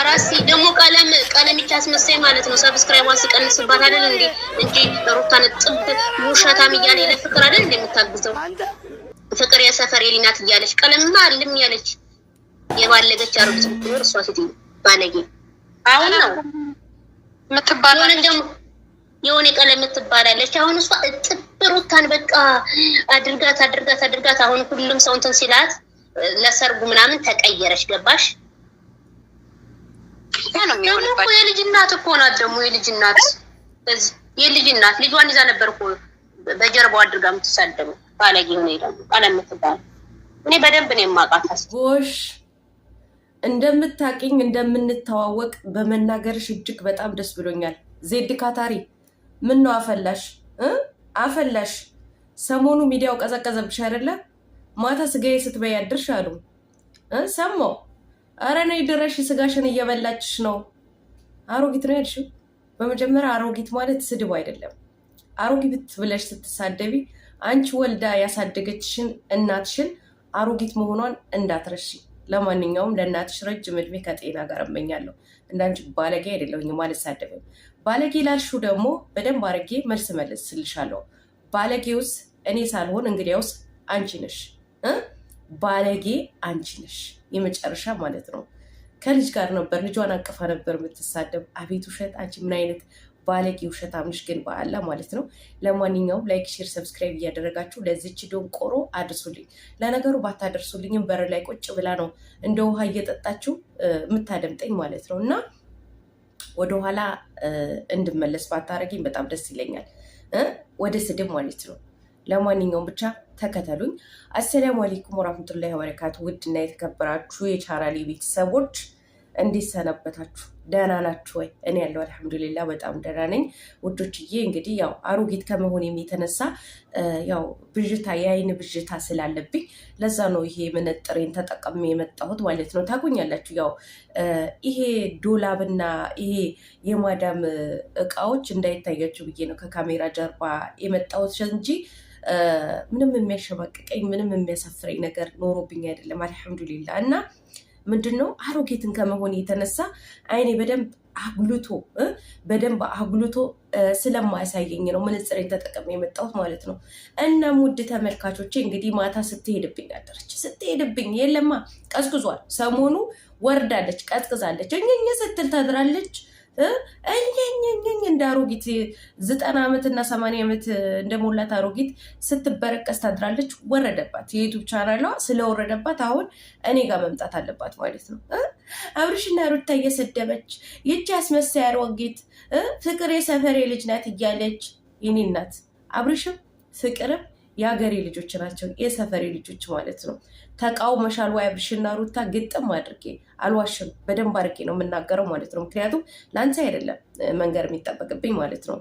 አራሲ ደግሞ ቀለም ቀለም ይቻስመሰይ ማለት ነው። ሰብስክራይብ አስቀንስባት አይደል እንዴ እንጂ ሩታን ጥብ ውሸታም እያለ ለፍቅር አይደል እንዴ እንደምታግዘው ፍቅር የሰፈር የሊናት እያለች ቀለምማ አልም ያለች የባለገች አርጉት ብትኖር እሷ ሴት ባለጌ አሁን ነው ምትባለው ደግሞ የሆነ ቀለም ትባላለች። አሁን እሷ ጥብ ሩታን በቃ አድርጋት አድርጋት አድርጋት። አሁን ሁሉም ሰው እንትን ሲላት ለሰርጉ ምናምን ተቀየረች። ገባሽ? ነው የሚሆንባቸው። የልጅ እናት እኮ ናት ደግሞ የልጅ እናት የልጅ እናት ልጇን ይዛ ነበር እኮ በጀርባው አድርጋ የምትሳደሙ ባለጌ ሆነ ደግሞ ቃለ የምትባል እኔ በደንብ ነው የማውቃት። ጎሽ እንደምታውቂኝ እንደምንተዋወቅ በመናገርሽ እጅግ በጣም ደስ ብሎኛል። ዜድ ካታሪ ምን ነው አፈላሽ አፈላሽ? ሰሞኑ ሚዲያው ቀዘቀዘብሽ አይደለ? ማታ ስጋዬ ስትበይ አድርሽ አሉ ሰማሁ። አረ ነይ ድረሽ ስጋሽን እየበላችሽ ነው። አሮጊት ነው ያልሽው። በመጀመሪያ አሮጊት ማለት ስድብ አይደለም። አሮጊት ብለሽ ስትሳደቢ አንቺ ወልዳ ያሳደገችሽን እናትሽን አሮጊት መሆኗን እንዳትረሺ። ለማንኛውም ለእናትሽ ረጅም እድሜ ከጤና ጋር እመኛለሁ። እንዳንቺ ባለጌ አይደለሁኝም አልሳደብም። ባለጌ ላልሽው ደግሞ በደንብ አድርጌ መልስ መለስልሻለሁ። ባለጌ ውስጥ እኔ ሳልሆን እንግዲያውስ አንቺ ነሽ። ባለጌ አንቺ ነሽ፣ የመጨረሻ ማለት ነው። ከልጅ ጋር ነበር፣ ልጇን አቅፋ ነበር የምትሳደብ። አቤት ውሸት! አንቺ ምን አይነት ባለጌ ውሸታም ግን በአላ ማለት ነው። ለማንኛውም ላይክ፣ ሼር፣ ሰብስክራይብ እያደረጋችሁ ለዚች ደንቆሮ አድርሱልኝ። ለነገሩ ባታደርሱልኝም በር ላይ ቁጭ ብላ ነው እንደ ውሃ እየጠጣችሁ የምታደምጠኝ ማለት ነው እና ወደኋላ እንድመለስ ባታረገኝ በጣም ደስ ይለኛል። ወደ ስድብ ማለት ነው ለማንኛውም ብቻ ተከተሉኝ። አሰላሙ አሌይኩም ወራህመቱላሂ ወበረካቱ። ውድና የተከበራችሁ የቻናሌ ቤተሰቦች እንዴት ሰነበታችሁ? ደህና ናችሁ ወይ? እኔ ያለው አልሐምዱሊላ በጣም ደህና ነኝ ውዶችዬ። እንግዲህ ያው አሮጊት ከመሆን የተነሳ ያው ብዥታ፣ የአይን ብዥታ ስላለብኝ ለዛ ነው ይሄ መነጥሬን ተጠቅሜ የመጣሁት ማለት ነው። ታጎኛላችሁ። ያው ይሄ ዶላብና ይሄ የማዳም እቃዎች እንዳይታያችሁ ብዬ ነው ከካሜራ ጀርባ የመጣሁት እንጂ ምንም የሚያሸማቅቀኝ ምንም የሚያሳፍረኝ ነገር ኖሮብኝ አይደለም። አልሐምዱሊላ እና ምንድን ነው አሮጌትን ከመሆን የተነሳ አይኔ በደንብ አጉልቶ በደንብ አጉልቶ ስለማያሳየኝ ነው መነጽሬን ተጠቅሜ የመጣሁት ማለት ነው። እና ውድ ተመልካቾቼ እንግዲህ ማታ ስትሄድብኝ አደረች። ስትሄድብኝ የለማ ቀዝቅዟል። ሰሞኑ ወርዳለች፣ ቀዝቅዛለች፣ እኝኝ ስትል ታድራለች። እኝኝኝኝ እንደ አሮጊት ዘጠና ዓመት እና ሰማንያ ዓመት እንደሞላት አሮጊት ስትበረቀስ ታድራለች። ወረደባት የዩቱብ ቻናሏ ስለወረደባት አሁን እኔ ጋር መምጣት አለባት ማለት ነው። አብርሽና ሩታ እየሰደበች ይቺ አስመሳይ አሮጊት ፍቅር የሰፈሬ ልጅ ናት እያለች ይኔናት አብርሽም ፍቅርም የሀገሬ ልጆች ናቸው፣ የሰፈሬ ልጆች ማለት ነው። ተቃውመሻል ወይ አብርሽና ሩታ? ግጥም አድርጌ አልዋሽም፣ በደንብ አድርጌ ነው የምናገረው ማለት ነው። ምክንያቱም ለአንተ አይደለም መንገር የሚጠበቅብኝ ማለት ነው።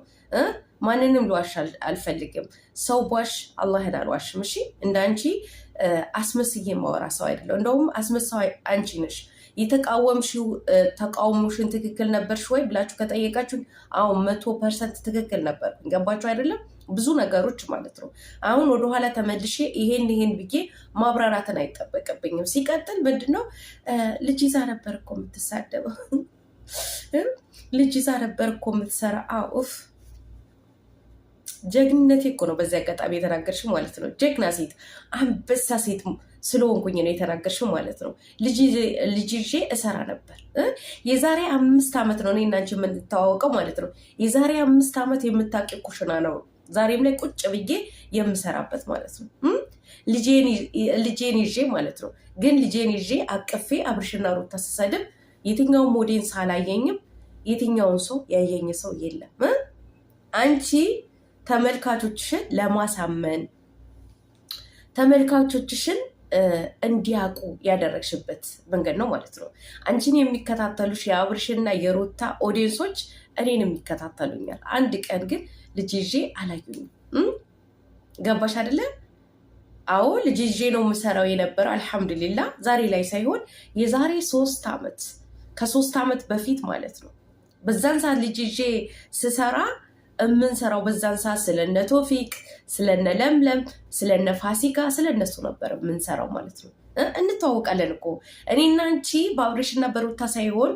ማንንም ልዋሽ አልፈልግም። ሰው ቧሽ አላህን አልዋሽም። እሺ እንደ አንቺ አስመስዬ ማወራ ሰው አይደለም። እንደውም አስመሳይ አንቺ ነሽ። የተቃወምሽው ተቃውሞሽን ትክክል ነበርሽ ወይ ብላችሁ ከጠየቃችሁ አሁን መቶ ፐርሰንት ትክክል ነበር። ገባችሁ አይደለም? ብዙ ነገሮች ማለት ነው። አሁን ወደኋላ ተመልሼ ይሄን ይሄን ብዬ ማብራራትን አይጠበቅብኝም። ሲቀጥል ምንድነው ልጅ ይዛ ነበር እኮ የምትሳደበው፣ ልጅ ይዛ ነበር እኮ የምትሰራ። አውፍ ጀግንነቴ እኮ ነው በዚህ አጋጣሚ የተናገርሽ ማለት ነው። ጀግና ሴት፣ አንበሳ ሴት ስለሆንኩኝ ነው የተናገርሽ ማለት ነው። ልጅ ይዤ እሰራ ነበር። የዛሬ አምስት ዓመት ነው እኔ እና አንቺ የምንተዋወቀው ማለት ነው። የዛሬ አምስት ዓመት የምታውቂው ኩሽና ነው ዛሬም ላይ ቁጭ ብዬ የምሰራበት ማለት ነው። ልጄን ይዤ ማለት ነው። ግን ልጄን ይዤ አቅፌ አብርሽና ሩታ ስሰድብ የትኛውን ሞዴንስ አላየኝም። የትኛውን ሰው ያየኝ ሰው የለም። አንቺ ተመልካቾችሽን ለማሳመን ተመልካቾችሽን እንዲያውቁ ያደረግሽበት መንገድ ነው ማለት ነው። አንቺን የሚከታተሉሽ የአብርሽና የሩታ ኦዲየንሶች እኔን የሚከታተሉኛል። አንድ ቀን ግን ልጅ ይዤ አላዩኝም። ገባሽ አይደለም? አዎ ልጅ ይዤ ነው የምሰራው የነበረው። አልሐምዱሊላ ዛሬ ላይ ሳይሆን የዛሬ ሶስት ዓመት ከሶስት ዓመት በፊት ማለት ነው። በዛን ሰዓት ልጅ ይዤ ስሰራ የምንሰራው በዛን ሰዓት ስለነ ቶፊቅ፣ ስለነ ለምለም፣ ስለነ ፋሲካ ስለነሱ ነበር የምንሰራው ማለት ነው። እንተዋወቃለን እኮ እኔና አንቺ በአብሬሽና በሩታ ሳይሆን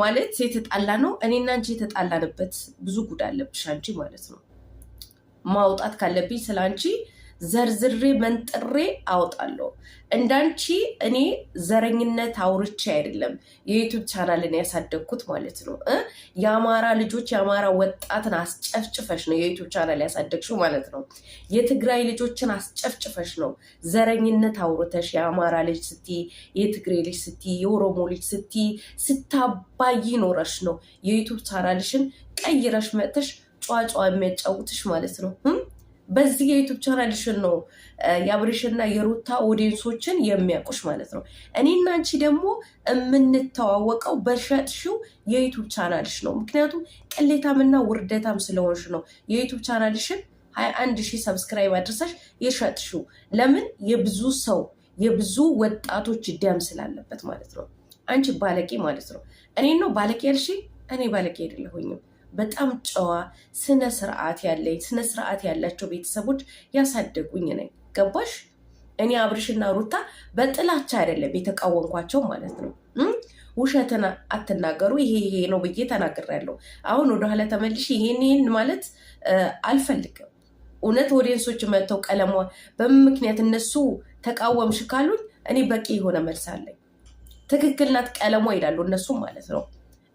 ማለት የተጣላ ነው። እኔና አንቺ የተጣላንበት ብዙ ጉዳ አለብሽ አንቺ ማለት ነው። ማውጣት ካለብኝ ስለ አንቺ ዘርዝሬ መንጥሬ አውጣለሁ። እንዳንቺ እኔ ዘረኝነት አውርቼ አይደለም የዩቱብ ቻናልን ያሳደግኩት ማለት ነው። የአማራ ልጆች የአማራ ወጣትን አስጨፍጭፈሽ ነው የዩቱብ ቻናል ያሳደግሽው ማለት ነው። የትግራይ ልጆችን አስጨፍጭፈሽ ነው ዘረኝነት አውርተሽ የአማራ ልጅ ስቲ፣ የትግሬ ልጅ ስቲ፣ የኦሮሞ ልጅ ስቲ ስታባይ ኖረሽ ነው የዩቱብ ቻናልሽን ቀይረሽ መጥተሽ ጨዋጨዋ የሚያጫውትሽ ማለት ነው። በዚህ የዩቱብ ቻናልሽን ነው የአብሬሽና የሩታ ኦዲየንሶችን የሚያውቁሽ ማለት ነው። እኔና አንቺ ደግሞ የምንተዋወቀው በሸጥሽው የዩቱብ ቻናልሽ ነው። ምክንያቱም ቅሌታምና ውርደታም ስለሆንሽ ነው የዩቱብ ቻናልሽን ሀያ አንድ ሺህ ሰብስክራይብ አድርሰሽ የሸጥሽው። ለምን? የብዙ ሰው የብዙ ወጣቶች ደም ስላለበት ማለት ነው። አንቺ ባለቄ ማለት ነው። እኔ ነው ባለቄ ያልሽ? እኔ ባለቄ አይደለሁኝም። በጣም ጨዋ ስነ ስርዓት ያለኝ ስነ ስርዓት ያላቸው ቤተሰቦች ያሳደጉኝ ነኝ። ገባሽ? እኔ አብርሽና ሩታ በጥላቻ አይደለም የተቃወምኳቸው ማለት ነው። ውሸትን አትናገሩ፣ ይሄ ይሄ ነው ብዬ ተናግሬያለሁ። አሁን ወደኋላ ተመልሽ፣ ይሄን ይሄን ማለት አልፈልግም። እውነት ኦዲየንሶች መጥተው ቀለሟ በምክንያት እነሱ ተቃወምሽ ካሉኝ እኔ በቂ የሆነ መልስ አለኝ። ትክክል ናት ቀለሟ ይላሉ እነሱም ማለት ነው።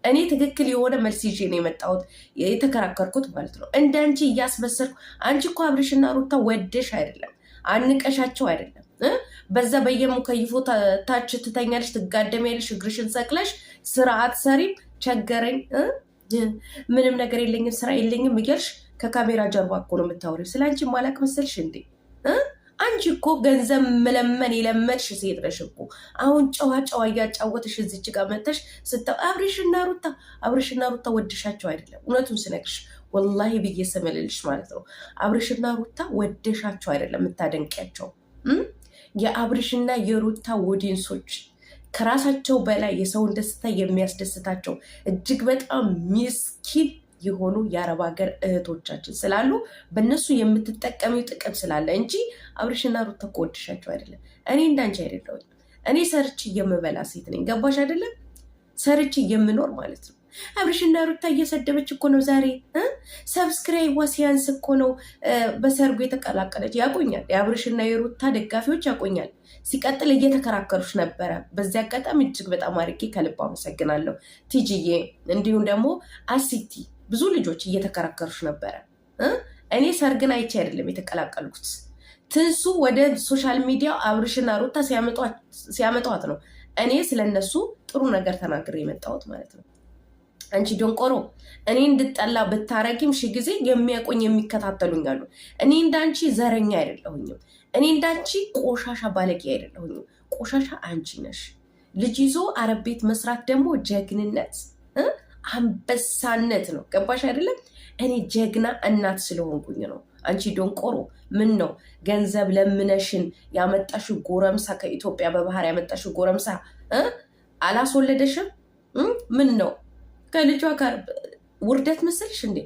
እኔ ትክክል የሆነ መልስ ይዤ ነው የመጣሁት የተከራከርኩት ማለት ነው። እንደ አንቺ እያስመሰልኩ አንቺ እኮ አብርሽና ሩታ ወደሽ አይደለም አንቀሻቸው አይደለም በዛ በየሙከይፎ ታች ትተኛለሽ፣ ትጋደሚያለሽ፣ እግርሽን ሰቅለሽ ስርዓት ሰሪም ቸገረኝ፣ ምንም ነገር የለኝም፣ ስራ የለኝም እያልሽ ከካሜራ ጀርባ እኮ ነው የምታወሪው። ስለ አንቺ ማላቅ መሰልሽ እንዴ? አንቺ እኮ ገንዘብ መለመን የለመድሽ ሴት ነሽ እኮ። አሁን ጨዋ ጨዋ እያጫወተሽ እዚች ጋር መጥተሽ ስታ አብሬሽና ሩታ አብሬሽና ሩታ ወደሻቸው አይደለም፣ እውነቱን ስነግርሽ ወላሂ ብዬ ስምልልሽ ማለት ነው። አብሬሽና ሩታ ወደሻቸው አይደለም የምታደንቂያቸው የአብሬሽና የሩታ ወዲንሶች ከራሳቸው በላይ የሰውን ደስታ የሚያስደስታቸው እጅግ በጣም ሚስኪን የሆኑ የአረብ ሀገር እህቶቻችን ስላሉ በእነሱ የምትጠቀሚው ጥቅም ስላለ እንጂ አብርሽና ሩታ እኮ አይደለም። እኔ እንዳንቺ አይደለሁም። እኔ ሰርች የምበላ ሴት ነኝ። ገባሽ አይደለም? ሰርች የምኖር ማለት ነው። አብርሽና ሩታ እየሰደበች እኮ ነው ዛሬ። ሰብስክራይቧ ሲያንስ እኮ ነው በሰርጉ የተቀላቀለች። ያቆኛል። የአብርሽና የሩታ ደጋፊዎች ያቆኛል። ሲቀጥል እየተከራከሩች ነበረ። በዚህ አጋጣሚ እጅግ በጣም አድርጌ ከልብ አመሰግናለሁ ቲጂዬ፣ እንዲሁም ደግሞ አሲቲ ብዙ ልጆች እየተከራከሩች ነበረ። እኔ ሰርግን አይቼ አይደለም የተቀላቀልኩት። ትንሱ ወደ ሶሻል ሚዲያ አብርሽና ሩታ ሲያመጧት ነው እኔ ስለነሱ ጥሩ ነገር ተናግሬ የመጣሁት ማለት ነው። አንቺ ደንቆሮ እኔ እንድጠላ ብታረጊም ሺ ጊዜ የሚያቆኝ የሚከታተሉኝ አሉ። እኔ እንዳንቺ ዘረኛ አይደለሁኝም። እኔ እንዳንቺ ቆሻሻ ባለጌ አይደለሁኝም። ቆሻሻ አንቺ ነሽ። ልጅ ይዞ አረብ ቤት መስራት ደግሞ ጀግንነት አንበሳነት ነው። ገባሽ አይደለም? እኔ ጀግና እናት ስለሆንኩኝ ነው። አንቺ ዶንቆሮ ምን ነው ገንዘብ ለምነሽን ያመጣሽ ጎረምሳ፣ ከኢትዮጵያ በባህር ያመጣሽ ጎረምሳ አላስወለደሽም? ምን ነው ከልጇ ጋር ውርደት መሰልሽ እንዴ?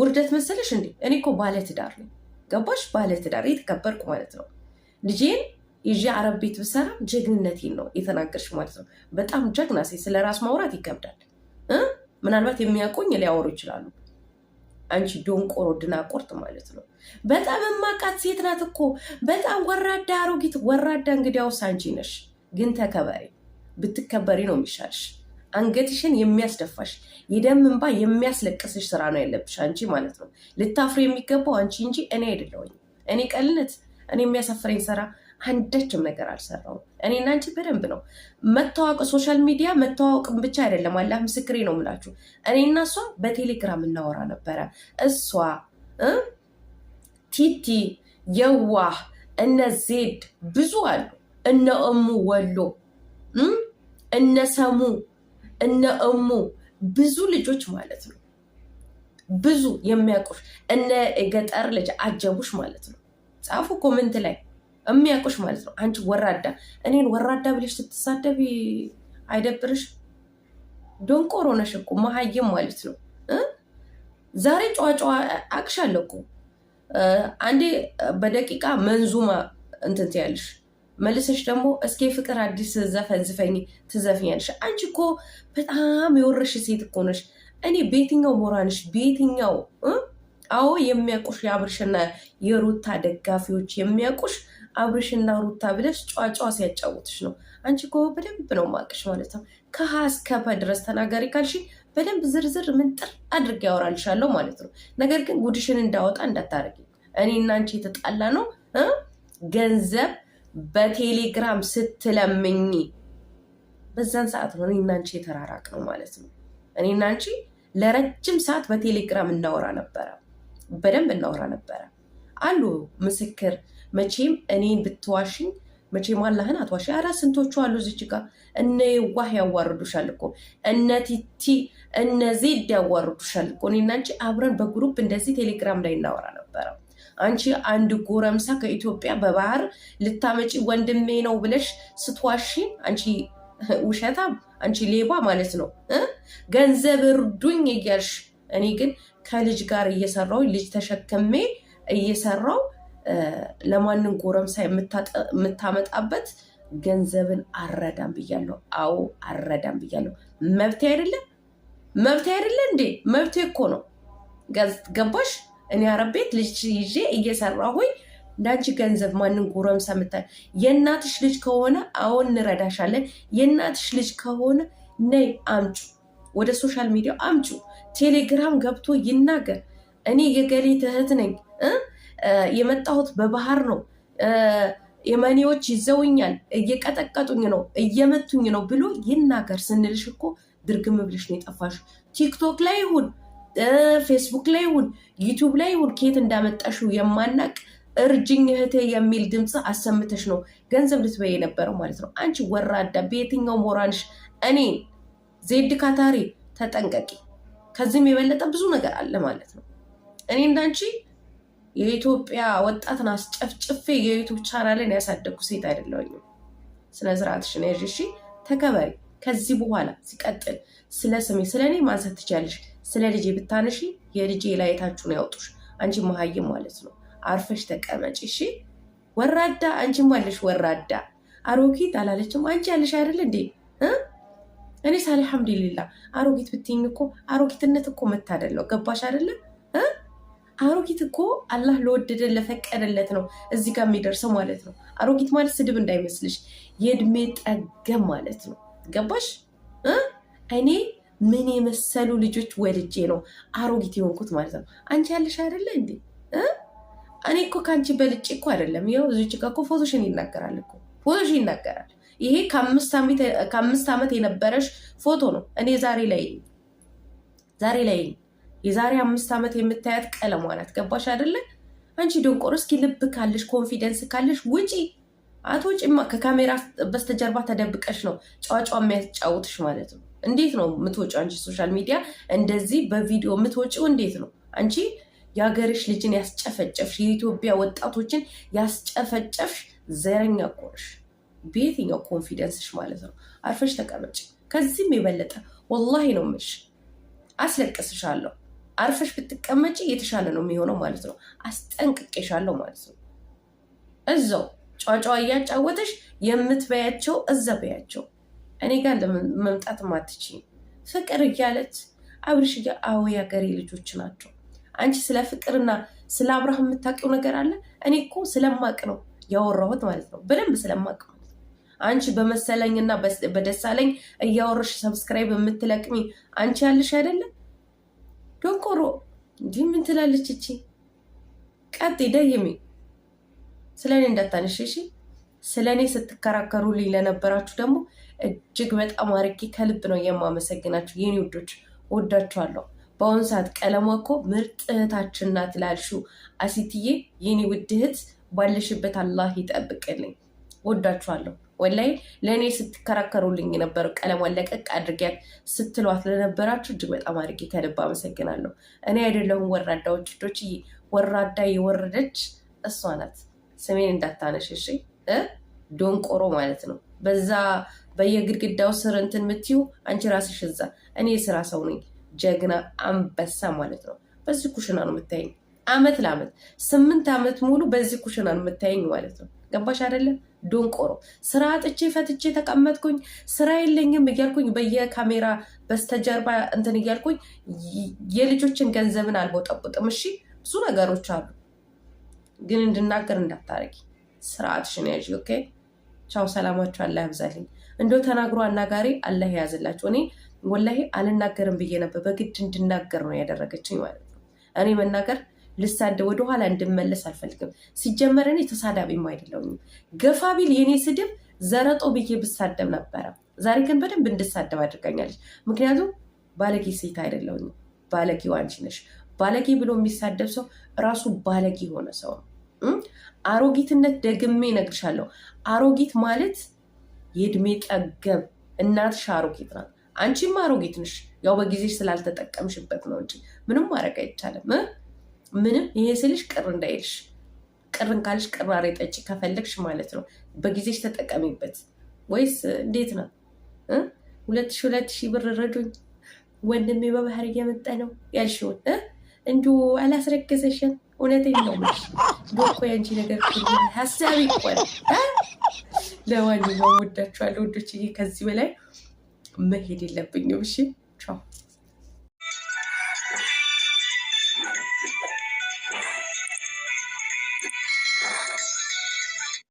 ውርደት መሰልሽ እንዴ? እኔ እኮ ባለትዳር ነው። ገባሽ? ባለትዳር የተከበርኩ ማለት ነው። ልጄን ይዤ አረብ ቤት ብሰራ ጀግንነቴን ነው የተናገርሽ ማለት ነው። በጣም ጀግና ሴት። ስለ ራስ ማውራት ይከብዳል። ምናልባት የሚያውቁኝ ሊያወሩ ይችላሉ። አንቺ ዶንቆሮ ድናቁርት ማለት ነው። በጣም የማውቃት ሴት ናት እኮ በጣም ወራዳ አሮጊት ወራዳ። እንግዲያውስ አንቺ ነሽ፣ ግን ተከበሪ። ብትከበሪ ነው የሚሻልሽ። አንገትሽን የሚያስደፋሽ የደም እንባ የሚያስለቅስሽ ስራ ነው ያለብሽ አንቺ ማለት ነው። ልታፍሪ የሚገባው አንቺ እንጂ እኔ አይደለሁኝ። እኔ ቀልነት እኔ የሚያሳፍረኝ ስራ አንዳችም ነገር አልሰራውም። እኔ እናንቺ በደንብ ነው መታወቅ። ሶሻል ሚዲያ መታወቅም ብቻ አይደለም፣ አላህ ምስክሬ ነው የምላችሁ። እና እሷ በቴሌግራም እናወራ ነበረ። እሷ ቲቲ፣ የዋህ፣ እነ ዜድ ብዙ አሉ፣ እነ እሙ ወሎ፣ እነ ሰሙ፣ እነ እሙ ብዙ ልጆች ማለት ነው ብዙ የሚያውቁሽ እነ ገጠር ልጅ አጀቡሽ ማለት ነው። ጻፉ ኮመንት ላይ የሚያውቁሽ ማለት ነው። አንቺ ወራዳ እኔን ወራዳ ብለሽ ስትሳደብ አይደብርሽ? ደንቆሮ ነሽ እኮ መሀይም ማለት ነው። ዛሬ ጨዋጨዋ አቅሻለሁ እኮ አንዴ በደቂቃ መንዙማ እንትንት ትያለሽ፣ መልሰሽ ደግሞ እስኪ ፍቅር አዲስ ዘፈን ዝፈኝ ትዘፍኛለሽ። አንቺ እኮ በጣም የወረሽ ሴት እኮ ነሽ። እኔ በየትኛው ሞራንሽ በየትኛው አዎ፣ የሚያውቁሽ የአብርሽና የሩታ ደጋፊዎች የሚያውቁሽ አብርሽና ሩታ ብለሽ ጨዋጨዋ ሲያጫውትሽ ነው። አንቺ እኮ በደንብ ነው ማቅሽ ማለት ነው። ከሀ እስከ ፐ ድረስ ተናጋሪ ካልሽ በደንብ ዝርዝር ምንጥር አድርጌ ያወራልሻለሁ ማለት ነው። ነገር ግን ጉድሽን እንዳወጣ እንዳታደርጊ። እኔ እና አንቺ የተጣላ ነው ገንዘብ በቴሌግራም ስትለምኝ በዛን ሰዓት ነው እኔ እና አንቺ የተራራቅ ነው ማለት ነው። እኔ እና አንቺ ለረጅም ሰዓት በቴሌግራም እናወራ ነበረ፣ በደንብ እናወራ ነበረ አሉ ምስክር መቼም እኔን ብትዋሽኝ መቼም አላህን አትዋሽ። ኧረ ስንቶቹ አሉ እዚች ጋር እነ የዋህ ያዋርዱሻል እኮ እነ ቲቲ እነ ዜድ ያዋርዱሻል እኮ። እኔና አንቺ አብረን በግሩፕ እንደዚህ ቴሌግራም ላይ እናወራ ነበረ። አንቺ አንድ ጎረምሳ ከኢትዮጵያ በባህር ልታመጪ ወንድሜ ነው ብለሽ ስትዋሺ፣ አንቺ ውሸታም፣ አንቺ ሌባ ማለት ነው። ገንዘብ እርዱኝ እያልሽ እኔ ግን ከልጅ ጋር እየሰራው ልጅ ተሸክሜ እየሰራው ለማንም ጎረምሳ የምታመጣበት ገንዘብን አረዳም ብያለሁ። አዎ አረዳም ብያለሁ። መብቴ አይደለ መብቴ አይደለ እንዴ? መብቴ እኮ ነው። ገባሽ? እኔ አረብ ቤት ልጅ ይዤ ሆይ እንዳንቺ ገንዘብ ማንም ጎረምሳ ምታ የእናትሽ ልጅ ከሆነ አዎ እንረዳሻለን። የእናትሽ ልጅ ከሆነ ነይ አምጩ፣ ወደ ሶሻል ሚዲያው አምጩ። ቴሌግራም ገብቶ ይናገር። እኔ የገሌ እህት ነኝ የመጣሁት በባህር ነው፣ የመኔዎች ይዘውኛል፣ እየቀጠቀጡኝ ነው፣ እየመቱኝ ነው ብሎ ይናገር ስንልሽ እኮ ድርግም ብለሽ ነው የጠፋሽ። ቲክቶክ ላይ ይሁን ፌስቡክ ላይ ይሁን ዩቱብ ላይ ይሁን ከየት እንዳመጣሽው የማናቅ እርጅኝ እህቴ የሚል ድምፅ አሰምተሽ ነው ገንዘብ ልትበይ የነበረው ማለት ነው። አንቺ ወራዳ፣ በየትኛው ሞራንሽ እኔ ዜድ ካታሪ ተጠንቀቂ። ከዚህም የበለጠ ብዙ ነገር አለ ማለት ነው። እኔ እንዳንቺ የኢትዮጵያ ወጣትን አስጨፍጭፌ የዩቱብ ቻናልን ያሳደግኩ ሴት አይደለሁኝም። ስነ ስርዓትሽን ያዥ፣ እሺ ተከበሪ። ከዚህ በኋላ ሲቀጥል ስለ ስሜ ስለ እኔ ማንሳት ትችያለሽ። ስለ ልጄ ብታነሺ የልጄ ላይታችሁ ነው ያውጡሽ። አንቺ መሀይም ማለት ነው። አርፈሽ ተቀመጭ እሺ። ወራዳ አንቺ ማለሽ ወራዳ። አሮጊት አላለችም አንቺ ያለሽ አይደል እንዴ? እኔ ሳልሐምዱሊላ አሮጊት ብትይኝ እኮ አሮጊትነት እኮ መታደለው። ገባሽ አይደለም? አሮጊት እኮ አላህ ለወደደ ለፈቀደለት ነው እዚህ ጋር የሚደርሰው ማለት ነው። አሮጊት ማለት ስድብ እንዳይመስልሽ የእድሜ ጠገም ማለት ነው። ገባሽ? እኔ ምን የመሰሉ ልጆች ወልጄ ነው አሮጊት የሆንኩት ማለት ነው። አንቺ ያለሽ አይደለ እንዴ? እኔ እኮ ከአንቺ በልጭ እኮ አይደለም። ያው እዚች ጋ እኮ ፎቶሽን ይናገራል እኮ ፎቶሽን ይናገራል። ይሄ ከአምስት ዓመት የነበረሽ ፎቶ ነው። እኔ ዛሬ ላይ ዛሬ ላይ የዛሬ አምስት ዓመት የምታያት ቀለሟ ናት። ገባሽ አይደለ? አንቺ ደንቆሮ፣ እስኪ ልብ ካለሽ ኮንፊደንስ ካለሽ ውጪ። አትወጪማ። ከካሜራ በስተጀርባ ተደብቀሽ ነው ጨዋጫ የሚያጫውትሽ ማለት ነው። እንዴት ነው የምትወጪው? አንቺ ሶሻል ሚዲያ እንደዚህ በቪዲዮ የምትወጪው እንዴት ነው አንቺ? የሀገርሽ ልጅን ያስጨፈጨፍሽ፣ የኢትዮጵያ ወጣቶችን ያስጨፈጨፍሽ ዘረኛ ቆርሽ፣ በየትኛው ኮንፊደንስሽ ማለት ነው? አርፈሽ ተቀመጭ። ከዚህም የበለጠ ወላሂ ነው የምልሽ አስለቅስሻለሁ። አርፈሽ ብትቀመጪ የተሻለ ነው የሚሆነው ማለት ነው። አስጠንቅቄሻለሁ ማለት ነው። እዛው ጫጫዋ እያጫወተሽ የምትበያቸው እዛ በያቸው። እኔ ጋር ለመምጣት ማትችይም ፍቅር እያለች አብርሽ እያ አዎ ያገሬ ልጆች ናቸው። አንቺ ስለ ፍቅርና ስለ አብርሃም የምታውቂው ነገር አለ። እኔ እኮ ስለማቅ ነው ያወራሁት ማለት ነው። በደንብ ስለማቅ ማለት ነው። አንቺ በመሰለኝና በደሳለኝ እያወረሽ ሰብስክራይብ የምትለቅሚ አንቺ ያልሽ አይደለም ደንቆሮ እንዲህ ምን ትላለች እቺ? ቀጥ ደይሜ ስለ እኔ እንዳታነሺ እሺ። ስለ እኔ ስትከራከሩልኝ ለነበራችሁ ደግሞ እጅግ በጣም አርኪ ከልብ ነው የማመሰግናችሁ የኔ ውዶች፣ ወዳችኋለሁ። በአሁኑ ሰዓት ቀለሟ እኮ ምርጥ እህታችን ናት ላልሽው አሲትዬ የኔ ውድ እህት ባለሽበት አላህ ይጠብቅልኝ። ወዳችኋለሁ። ወላይ ለእኔ ስትከራከሩልኝ የነበረው ቀለሟን ለቀቅ አድርጊያት ስትሏት ለነበራችሁ እጅግ በጣም አድርጌ ከልብ አመሰግናለሁ። እኔ አይደለሁም ወራዳዎች ዶች ወራዳ የወረደች እሷ ናት። ስሜን እንዳታነሽሽ ዶንቆሮ ማለት ነው። በዛ በየግድግዳው ስር እንትን የምትዩ አንቺ ራስሽ እዛ። እኔ የስራ ሰው ነኝ፣ ጀግና አንበሳ ማለት ነው። በዚህ ኩሽና ነው የምታይኝ። አመት ለአመት ስምንት አመት ሙሉ በዚህ ነው የምታየኝ ማለት ነው። ገባሽ አይደለም? ዶንቆሮ ስራ አጥቼ ፈትቼ ተቀመጥኩኝ። ስራ የለኝም እያልኩኝ በየካሜራ በስተጀርባ እንትን እያልኩኝ የልጆችን ገንዘብን አልቦጠቡጥም። እሺ ብዙ ነገሮች አሉ፣ ግን እንድናገር እንዳታረጊ ስርዓትሽን ያዥ። ኦኬ ቻው፣ ሰላማችሁ አላህ ያብዛልኝ። እንደ ተናግሮ አናጋሪ አላህ የያዝላችሁ። እኔ ወላሂ አልናገርም ብዬ ነበር፣ በግድ እንድናገር ነው ያደረገችኝ ማለት ነው። እኔ መናገር ልሳደ ወደኋላ እንድመለስ አልፈልግም። ሲጀመር እኔ ተሳዳቢም አይደለሁም። ገፋ ቢል የኔ ስድብ ዘረጦ ብዬ ብሳደብ ነበረ። ዛሬ ግን በደንብ እንድሳደብ አድርጋኛለች። ምክንያቱም ባለጌ ሴት አይደለሁም። ባለጌው አንቺ ነሽ። ባለጌ ብሎ የሚሳደብ ሰው ራሱ ባለጌ የሆነ ሰው ነው። አሮጊትነት ደግሜ እነግርሻለሁ። አሮጊት ማለት የእድሜ ጠገብ እናትሽ አሮጊት ናት። አንቺም አሮጊት ነሽ። ያው በጊዜሽ ስላልተጠቀምሽበት ነው እንጂ ምንም ማድረግ አይቻልም። ምንም ይሄ ስልሽ ቅር እንዳይልሽ፣ ቅርን ካልሽ ቅራሬ ጠጭ ከፈለግሽ ማለት ነው። በጊዜሽ ተጠቀሚበት። ወይስ እንዴት ነው? ሁለት ሺ ሁለት ሺ ብር ረዱኝ ወንድሜ በባህር እየመጣ ነው ያልሽውን እንዲሁ አላስረገዘሽን። እውነቴን ነው የምልሽ ዶኮ የአንቺ ነገር ሀሳብ ይቆል። ለማንኛውም ወዳችኋለሁ ከዚህ በላይ መሄድ የለብኝም። እሺ